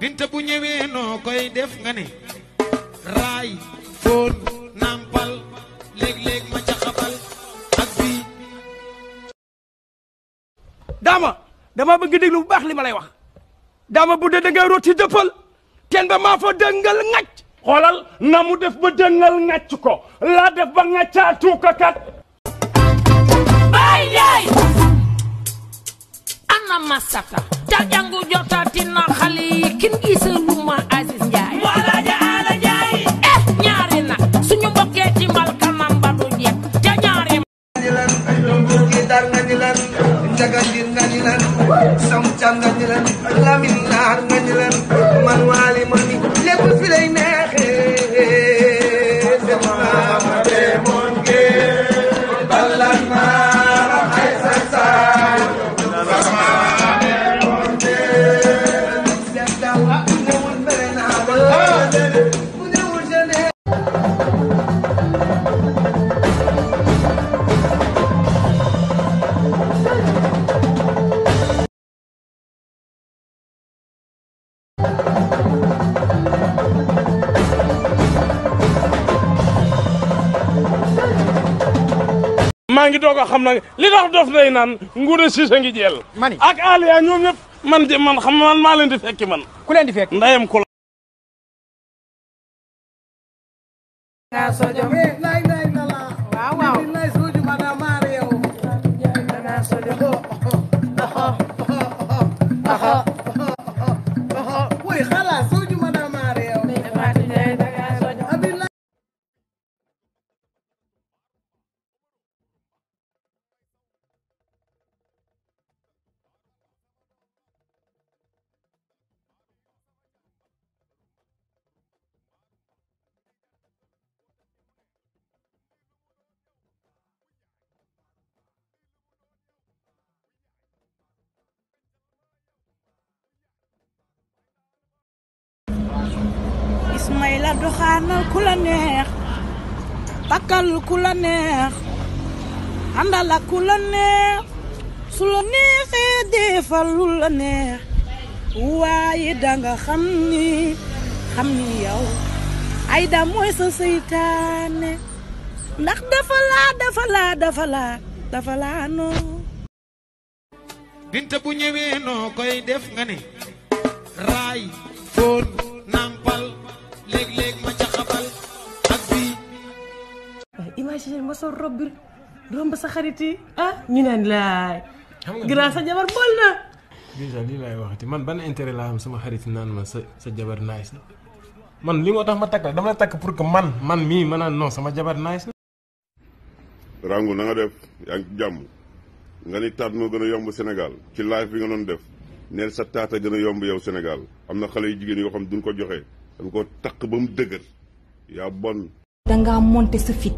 binta bu ñewé no koy def nga né ray fon nampal leg leg ma ca xabal ak bi dama dama bëgg déglu bu baax li ma lay wax dama bu dee da ngay rooti dëppal teen ba ma fa dëngal ngacc xolal na mu def ba dëngal ngacc ko la def ba ngaccatu ko kat ay ay anna masata ta jàngu jota maa ngi doog a xam na li tax dof day naan nguur si sa ngi jeel. mani ak Aliya ñoom ñëpp man de man xam man maa leen fekki man. ku leen di fekk ndayam ku la. doxaanal ku la neex takkal ku la neex àndal ak ku la neex su la neexee defal lu neex waaye danga xam ni xam ni yow Aida mooy sa seytaane ndax dafa laa dafa laa noo Binta bu ñëwee koy def nga ne raay fóon Cheikh Mbasso rob bi romb sa xarit yi ah ñu naan laay. grâce sa jabar bol na. déjà lii laay waxati man ban intérêt laa am sama xarit naan ma sa sa jabar nice na man li moo tax ma tak la dama la takk pour que man man mii ma non sama jabar nice na. Rangou na nga def yaa ngi jàmm nga ni taat moo gën a yomb Sénégal ci live bi nga doon def neel sa taata gën a yomb yow Sénégal am na yu jigéen yoo xam duñ ko joxe dañ ko takk ba mu dëgër bon. da ngaa monter sa fit.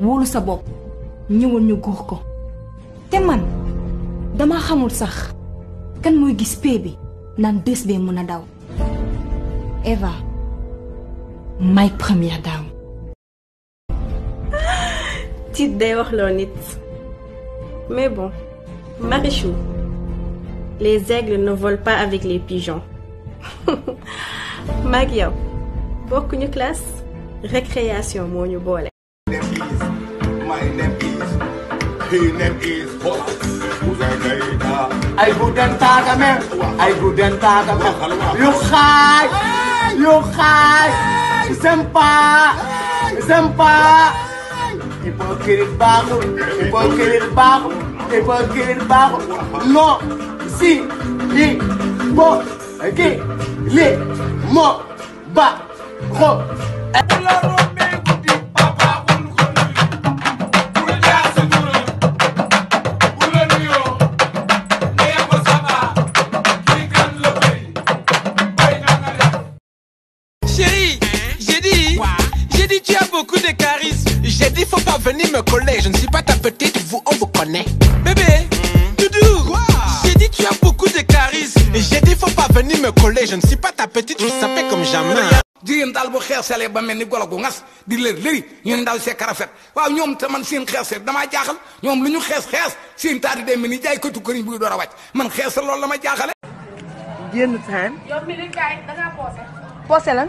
wolu sa bopp ñu góor ko man dama xamul sax kan gis bi Eva première dame mais bon Marichou les aigles ne volent pas avec les pigeons maag yow bokkuñu classe récréation moo My name is, his name is Boss Uzenaida. ay gudden taaga men ay gudden taaga men yu xaay yu xaay sempa sempa hypocrite baaxul hypocrite baaxul hypocrite baaxul non si li bo ki li mo ba xo pas venir me coller, je ne suis pas ta petite, vous on vous connaît. Bébé, mmh. Doudou, wow. j'ai dit tu as beaucoup de charisme. Et j'ai dit faut pas venir me coller, je ne suis pas ta petite, vous mm. savez comme jamais. jigéen dal bu xeesalee ba mel ni golo gu ngas di lër lëri ñun ndaw see karafet waaw ñoom te man seen xeesee damaa jaaxal ñoom lu ñu xees xees seen taari day mel ni jaay këtu këriñ buy door a wàcc man xeesal loolu la ma jaaxale. génn time. yow mi li kaay da ngaa posé posé lan.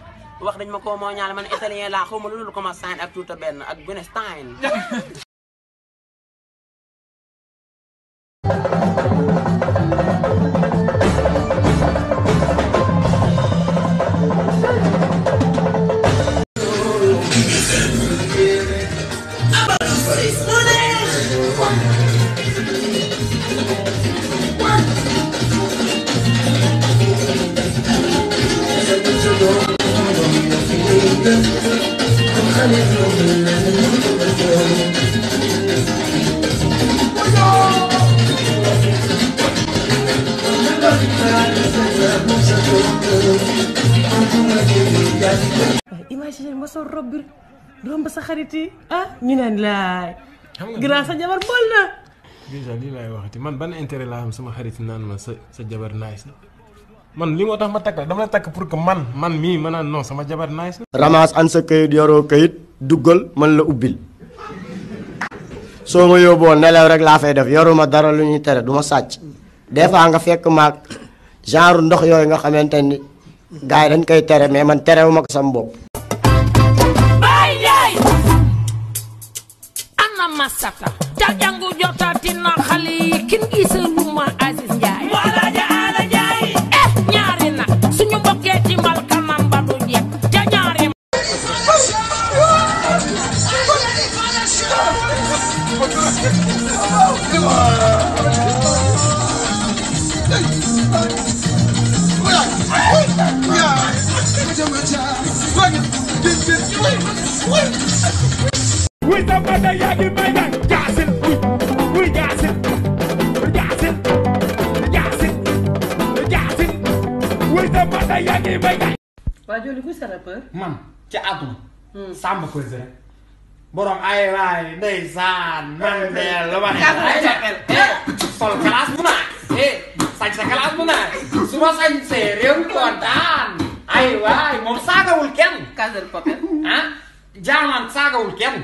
wax dañ ma koo moo ñaale man italien laa xaw ma lu dul commencé ak tuuta benn ak Gunestein. Cheikh Mbasso rob bi romb sa xarit ah ñu naan laay. grâce sa jabar bool na. déjà lii laay waxati man ban intérêt laa am sama xarit naan ma sa sa jabar nice na man li moo tax ma takk la dama la pour que man man mii ma non sama jabar nice na. ramasse an sa kayit yoroo kayit duggal man la ubbil soo ma yóbboo nelaw rek laa fay def yoruma dara lu ñuy tere du ma sàcc des fois nga fekk maag genre ndox yooyu nga xamante ni dañ koy tere mais man terewuma ko sama bopp masata ta jangu jotati na xale yi kin gisaluma Aziz waa Joli kuy sa rappeur. man ci àdduna. Hmm. Samba Peuzzi rek. borom ay waay ndeysaan man de lu ma neex ay eh, sol classe bu naaj. Eh, sañ sa classe bu naaj. su ma sañ see réew kontaan. ay waay moom saagawul kenn. casel popel ah. jaaman saagawul kenn.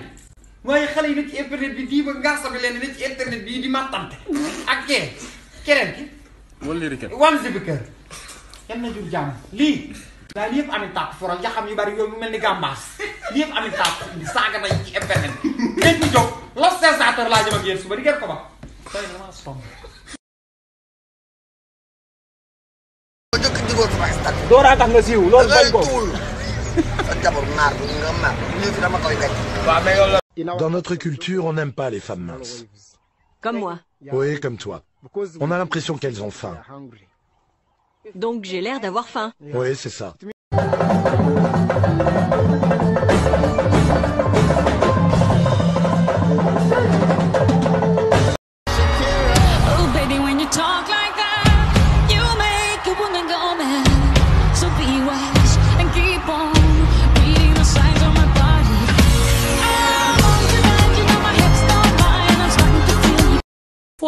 waaye xale yi na ci internet bi diiba ngaasa bi leen na ci internet bi di màttante ak kee keneen ki wan liri kër wan si bi kër yan na jur jàmm lii daal yëpp amit tàpp foral jaxam yu bari yooyu mu mel ni gàmbaas lii yëpp amit tàpp saaga nañ ci internet ngeen ñu jóg los sensateur laa jëm ak yéen suba di ngeen ko ba tey damaa somb dooraa tax nga siiw loolu bañ ko. sa jabar naar nga maar. lii fi dama koy gàcce. waaw mais yow la. Dans notre culture, on n'aime pas les femmes minces. Comme moi. Oui, comme toi. On a l'impression qu'elles ont faim. Donc j'ai l'air d'avoir faim. Oui, c'est ça.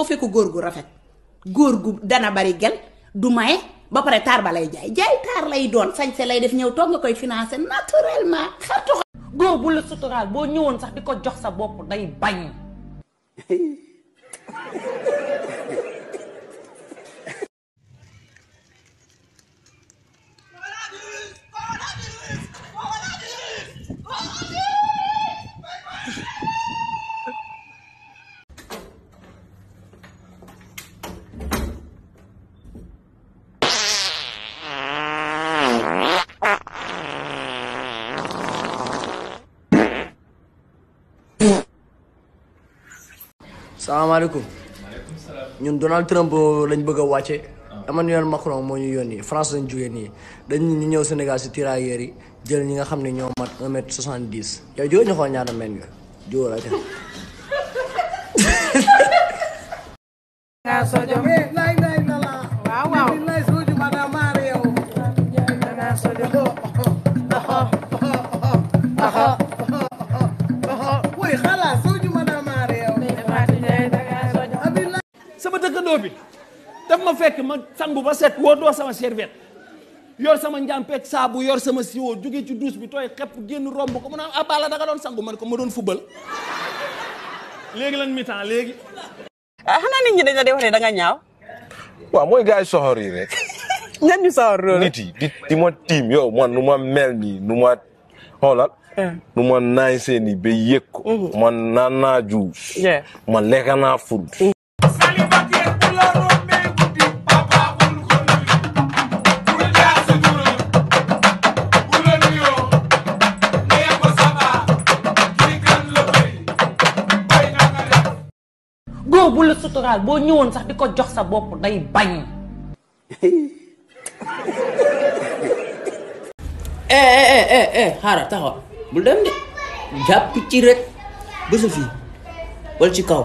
fekk góor gu rafet góor gu dana bari gel du maye ba pare taar ba lay jaay jaay taar lay doon sañse lay def ñëw toog nga koy financé naturellement xartu góor bu la suturaal boo ñëwoon sax di ko jox sa bopp day bañ Assalamualaikum. ñun Donald Trump lañ bëgg wacce. Emmanuel ah. Macron mo ñu yoni. France lañ jógee ni. dañ ñu ñëw Sénégal ci tirailleurs yi jël ñi nga xamné ñoo mat 1 m 70 yow joo ñu xol ñaata men nga joo la ca. ma fekk ma sangu ba set do sama serviette yor sama njàmpeeg sabu, yor sama siwo jóge ci douche bi toy xep genn romb ko mu naan ah, bala da nga don sangu man ko mo don football léegi lan mi tan léegi. ah xanaa nit ñi dañu di ne da nga ñaaw. wa moy gaay sohor yi rek. ñan ñu sohor loolu. nit yi di di ma tiim yow man nu ma mel ni nu ma xoolal. Ah. nu ma nay seeni be yekko man mhm. naan juus. ma bu la suturaal boo ñëwoon sax di ko jox sa bopp day bañ. Eh, eh, eh, xaaral taxaw bul dem de jàpp ci rek fi fii wala ci kaw.